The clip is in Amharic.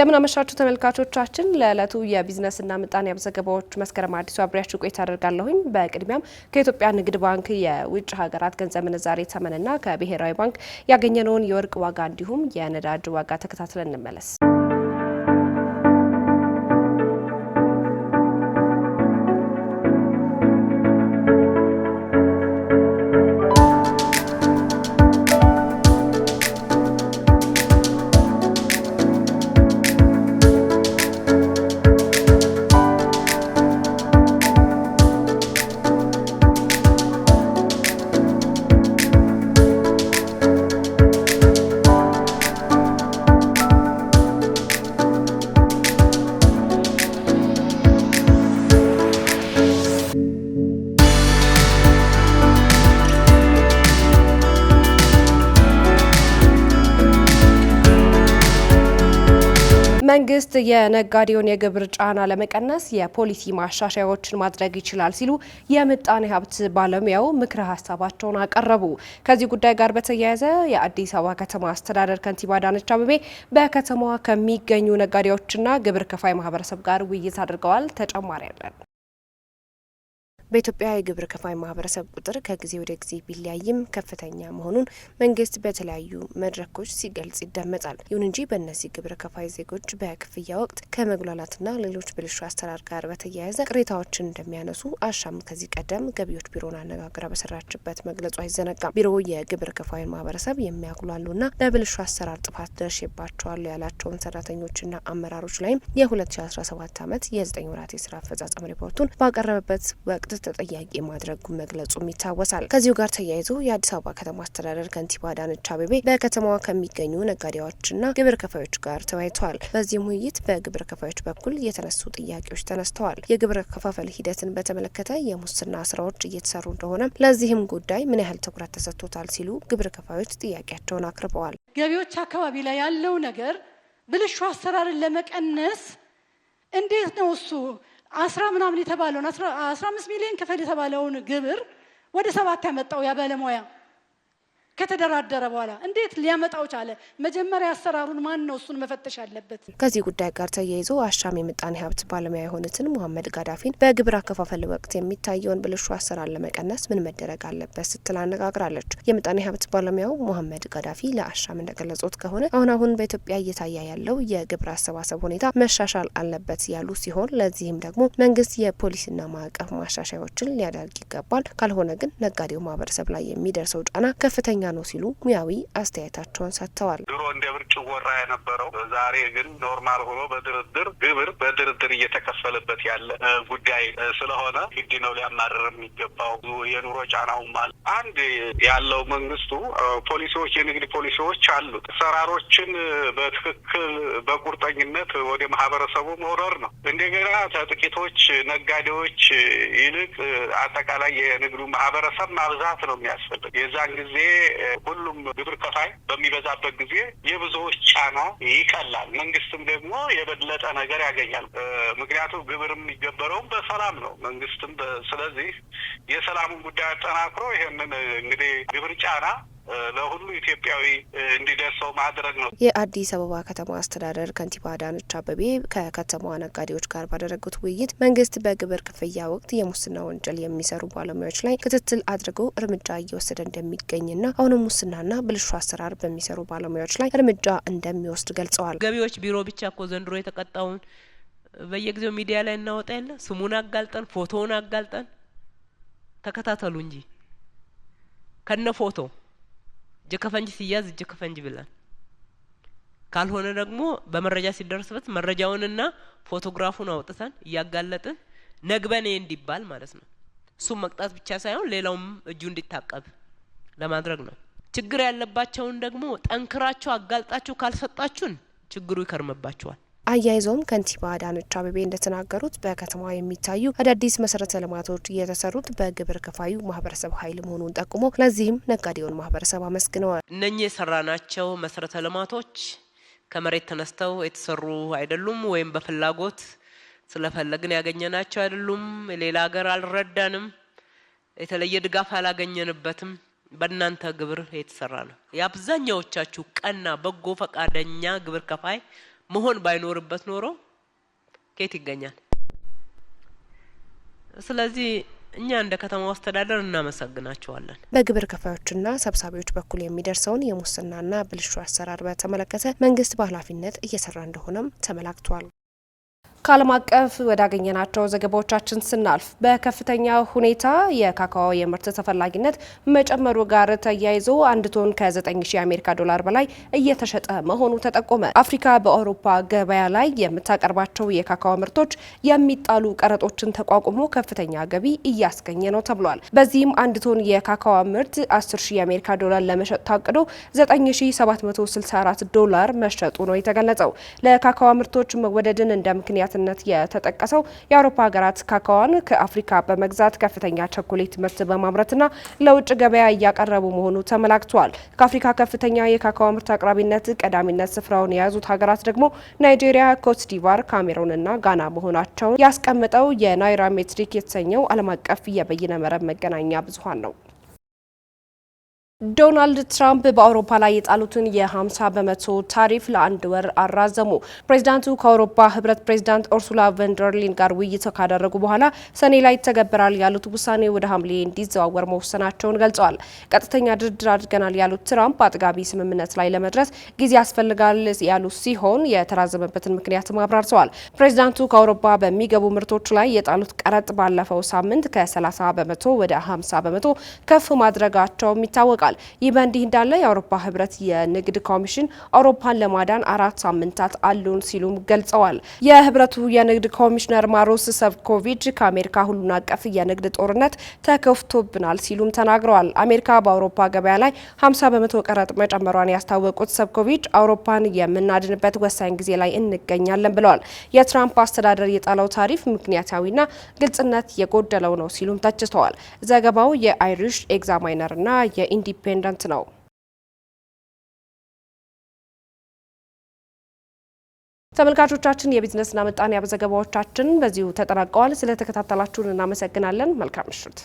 እንደምን አመሻችሁ ተመልካቾቻችን። ለዕለቱ የቢዝነስና ምጣኔ ሀብት ዘገባዎች መስከረም አዲሱ አብሬያችሁ ቆይታ አደርጋለሁኝ። በቅድሚያም ከኢትዮጵያ ንግድ ባንክ የውጭ ሀገራት ገንዘብ ምንዛሬ ተመንና ከብሔራዊ ባንክ ያገኘነውን የወርቅ ዋጋ እንዲሁም የነዳጅ ዋጋ ተከታትለን እንመለስ። መንግስት የነጋዴውን የግብር ጫና ለመቀነስ የፖሊሲ ማሻሻያዎችን ማድረግ ይችላል ሲሉ የምጣኔ ሀብት ባለሙያው ምክረ ሀሳባቸውን አቀረቡ። ከዚህ ጉዳይ ጋር በተያያዘ የአዲስ አበባ ከተማ አስተዳደር ከንቲባ አዳነች አቤቤ በከተማዋ ከሚገኙ ነጋዴዎችና ግብር ከፋይ ማህበረሰብ ጋር ውይይት አድርገዋል። ተጨማሪ ያለን በኢትዮጵያ የግብር ከፋይ ማህበረሰብ ቁጥር ከጊዜ ወደ ጊዜ ቢለያይም ከፍተኛ መሆኑን መንግስት በተለያዩ መድረኮች ሲገልጽ ይደመጣል። ይሁን እንጂ በእነዚህ ግብር ከፋይ ዜጎች በክፍያ ወቅት ከመጉላላትና ሌሎች ብልሹ አሰራር ጋር በተያያዘ ቅሬታዎችን እንደሚያነሱ አሻም ከዚህ ቀደም ገቢዎች ቢሮን አነጋግራ በሰራችበት መግለጹ አይዘነጋም። ቢሮ የግብር ከፋይን ማህበረሰብ የሚያጉላሉና በብልሹ አሰራር ጥፋት ደርሼባቸዋል ያላቸውን ሰራተኞችና አመራሮች ላይም የ2017 ዓመት የ9 ወራት የስራ አፈጻጸም ሪፖርቱን ባቀረበበት ወቅት ተጠያቂ ማድረጉ መግለጹም ይታወሳል። ከዚሁ ጋር ተያይዞ የአዲስ አበባ ከተማ አስተዳደር ከንቲባ አዳነች አቤቤ በከተማዋ ከሚገኙ ነጋዴዎችና ግብር ከፋዮች ጋር ተወያይተዋል። በዚህም ውይይት በግብር ከፋዮች በኩል የተነሱ ጥያቄዎች ተነስተዋል። የግብር ከፋፈል ሂደትን በተመለከተ የሙስና ስራዎች እየተሰሩ እንደሆነ፣ ለዚህም ጉዳይ ምን ያህል ትኩረት ተሰጥቶታል ሲሉ ግብር ከፋዮች ጥያቄያቸውን አቅርበዋል። ገቢዎች አካባቢ ላይ ያለው ነገር ብልሹ አሰራርን ለመቀነስ እንዴት ነው እሱ አስራ ምናምን የተባለውን አስራ አምስት ሚሊዮን ክፈል የተባለውን ግብር ወደ ሰባት ያመጣው ያ ባለሙያ ከተደራደረ በኋላ እንዴት ሊያመጣው ቻለ? መጀመሪያ አሰራሩን ማን ነው እሱን መፈተሽ አለበት። ከዚህ ጉዳይ ጋር ተያይዞ አሻም የምጣኔ ሀብት ባለሙያ የሆኑትን ሙሐመድ ጋዳፊን በግብር አከፋፈል ወቅት የሚታየውን ብልሹ አሰራር ለመቀነስ ምን መደረግ አለበት ስትል አነጋግራለች። የምጣኔ ሀብት ባለሙያው ሙሐመድ ጋዳፊ ለአሻም እንደገለጹት ከሆነ አሁን አሁን በኢትዮጵያ እየታየ ያለው የግብር አሰባሰብ ሁኔታ መሻሻል አለበት ያሉ ሲሆን ለዚህም ደግሞ መንግስት የፖሊሲና ማዕቀፍ ማሻሻያዎችን ሊያደርግ ይገባል። ካልሆነ ግን ነጋዴው ማህበረሰብ ላይ የሚደርሰው ጫና ከፍተኛ ነው ሲሉ ሙያዊ አስተያየታቸውን ሰጥተዋል። ድሮ እንደ ብርጭ ወራ የነበረው ዛሬ ግን ኖርማል ሆኖ በድርድር ግብር በድርድር እየተከፈለበት ያለ ጉዳይ ስለሆነ ግድ ነው ሊያማርር የሚገባው የኑሮ ጫናውም አለ። አንድ ያለው መንግስቱ ፖሊሲዎች፣ የንግድ ፖሊሲዎች አሉት። ሰራሮችን በትክክል በቁርጠኝነት ወደ ማህበረሰቡ መውረር ነው። እንደገና ከጥቂቶች ነጋዴዎች ይልቅ አጠቃላይ የንግዱ ማህበረሰብ ማብዛት ነው የሚያስፈልግ። የዛን ጊዜ ሁሉም ግብር ከፋይ በሚበዛበት ጊዜ የብዙዎች ጫና ይቀላል። መንግስትም ደግሞ የበለጠ ነገር ያገኛል። ምክንያቱም ግብር የሚገበረውም በሰላም ነው። መንግስትም ስለዚህ የሰላሙን ጉዳይ አጠናክሮ ይሄንን እንግዲህ ግብር ጫና ለሁሉ ኢትዮጵያዊ እንዲደርሰው ማድረግ ነው። የአዲስ አበባ ከተማ አስተዳደር ከንቲባ አዳነች አበቤ ከከተማዋ ነጋዴዎች ጋር ባደረጉት ውይይት መንግስት በግብር ክፍያ ወቅት የሙስና ወንጀል የሚሰሩ ባለሙያዎች ላይ ክትትል አድርጎ እርምጃ እየወሰደ እንደሚገኝና አሁንም ሙስናና ብልሹ አሰራር በሚሰሩ ባለሙያዎች ላይ እርምጃ እንደሚወስድ ገልጸዋል። ገቢዎች ቢሮ ብቻ እኮ ዘንድሮ የተቀጣውን በየጊዜው ሚዲያ ላይ እናወጣ የለ ስሙን አጋልጠን ፎቶውን አጋልጠን ተከታተሉ እንጂ ከነ ፎቶው እጀ ከፈንጅ ሲያዝ እጅ ከፈንጅ ብለን ካልሆነ ደግሞ በመረጃ ሲደርስበት መረጃውንና ፎቶግራፉን አውጥተን እያጋለጥን ነግበኔ እንዲባል ማለት ነው። እሱም መቅጣት ብቻ ሳይሆን ሌላውም እጁ እንዲታቀብ ለማድረግ ነው። ችግር ያለባቸውን ደግሞ ጠንክራችሁ አጋልጣችሁ ካልሰጣችሁን ችግሩ ይከርምባችኋል። አያይዘውም ከንቲባ አዳነች አቤቤ እንደተናገሩት በከተማ የሚታዩ አዳዲስ መሰረተ ልማቶች የተሰሩት በግብር ከፋዩ ማህበረሰብ ኃይል መሆኑን ጠቁሞ ለዚህም ነጋዴውን ማህበረሰብ አመስግነዋል። እነኚህ የሰራናቸው መሰረተ ልማቶች ከመሬት ተነስተው የተሰሩ አይደሉም፣ ወይም በፍላጎት ስለፈለግን ያገኘናቸው አይደሉም። ሌላ ሀገር አልረዳንም፣ የተለየ ድጋፍ አላገኘንበትም። በእናንተ ግብር የተሰራ ነው። የአብዛኛዎቻችሁ ቀና በጎ ፈቃደኛ ግብር ከፋይ መሆን ባይኖርበት ኖሮ ከየት ይገኛል? ስለዚህ እኛ እንደ ከተማው አስተዳደር እናመሰግናቸዋለን። በግብር ከፋዮችና ሰብሳቢዎች በኩል የሚደርሰውን የሙስናና ብልሹ አሰራር በተመለከተ መንግስት በኃላፊነት እየሰራ እንደሆነም ተመላክቷል። ከዓለም አቀፍ ወዳገኘናቸው ዘገባዎቻችን ስናልፍ በከፍተኛ ሁኔታ የካካዋ የምርት ተፈላጊነት መጨመሩ ጋር ተያይዞ አንድ ቶን ከ9000 የአሜሪካ ዶላር በላይ እየተሸጠ መሆኑ ተጠቆመ። አፍሪካ በአውሮፓ ገበያ ላይ የምታቀርባቸው የካካዋ ምርቶች የሚጣሉ ቀረጦችን ተቋቁሞ ከፍተኛ ገቢ እያስገኘ ነው ተብሏል። በዚህም አንድ ቶን የካካዋ ምርት 10000 የአሜሪካ ዶላር ለመሸጥ ታቅዶ 9764 ዶላር መሸጡ ነው የተገለጸው። ለካካዋ ምርቶች መወደድን እንደ ምክንያት በምክንያትነት የተጠቀሰው የአውሮፓ ሀገራት ካካዋን ከአፍሪካ በመግዛት ከፍተኛ ቸኮሌት ምርት በማምረትና ለውጭ ገበያ እያቀረቡ መሆኑ ተመላክቷል። ከአፍሪካ ከፍተኛ የካካዋ ምርት አቅራቢነት ቀዳሚነት ስፍራውን የያዙት ሀገራት ደግሞ ናይጄሪያ፣ ኮትዲቫር፣ ካሜሩን እና ጋና መሆናቸውን ያስቀምጠው የናይራ ሜትሪክ የተሰኘው ዓለም አቀፍ የበይነ መረብ መገናኛ ብዙሀን ነው። ዶናልድ ትራምፕ በአውሮፓ ላይ የጣሉትን የ50 በመቶ ታሪፍ ለአንድ ወር አራዘሙ። ፕሬዚዳንቱ ከአውሮፓ ህብረት ፕሬዚዳንት ኦርሱላ ቨንደርሊን ጋር ውይይት ካደረጉ በኋላ ሰኔ ላይ ይተገበራል ያሉት ውሳኔ ወደ ሐምሌ እንዲዘዋወር መወሰናቸውን ገልጸዋል። ቀጥተኛ ድርድር አድርገናል ያሉት ትራምፕ አጥጋቢ ስምምነት ላይ ለመድረስ ጊዜ ያስፈልጋል ያሉ ሲሆን የተራዘመበትን ምክንያትም አብራርተዋል። ፕሬዚዳንቱ ከአውሮፓ በሚገቡ ምርቶች ላይ የጣሉት ቀረጥ ባለፈው ሳምንት ከ30 በመቶ ወደ 50 በመቶ ከፍ ማድረጋቸውም ይታወቃል። ተገልጿል። ይህ በእንዲህ እንዳለ የአውሮፓ ህብረት የንግድ ኮሚሽን አውሮፓን ለማዳን አራት ሳምንታት አሉን ሲሉም ገልጸዋል። የህብረቱ የንግድ ኮሚሽነር ማሮስ ሰብኮቪች ከአሜሪካ ሁሉን አቀፍ የንግድ ጦርነት ተከፍቶብናል ሲሉም ተናግረዋል። አሜሪካ በአውሮፓ ገበያ ላይ 50 በመቶ ቀረጥ መጨመሯን ያስታወቁት ሰብኮቪች አውሮፓን የምናድንበት ወሳኝ ጊዜ ላይ እንገኛለን ብለዋል። የትራምፕ አስተዳደር የጣለው ታሪፍ ምክንያታዊና ግልጽነት የጎደለው ነው ሲሉም ተችተዋል። ዘገባው የአይሪሽ ኤግዛማይነር እና የኢንዲ ኢንዲፔንደንት ነው። ተመልካቾቻችን የቢዝነስና ምጣኔ ሀብት ዘገባዎቻችን በዚሁ ተጠናቀዋል። ስለተከታተላችሁን እናመሰግናለን። መልካም ምሽት።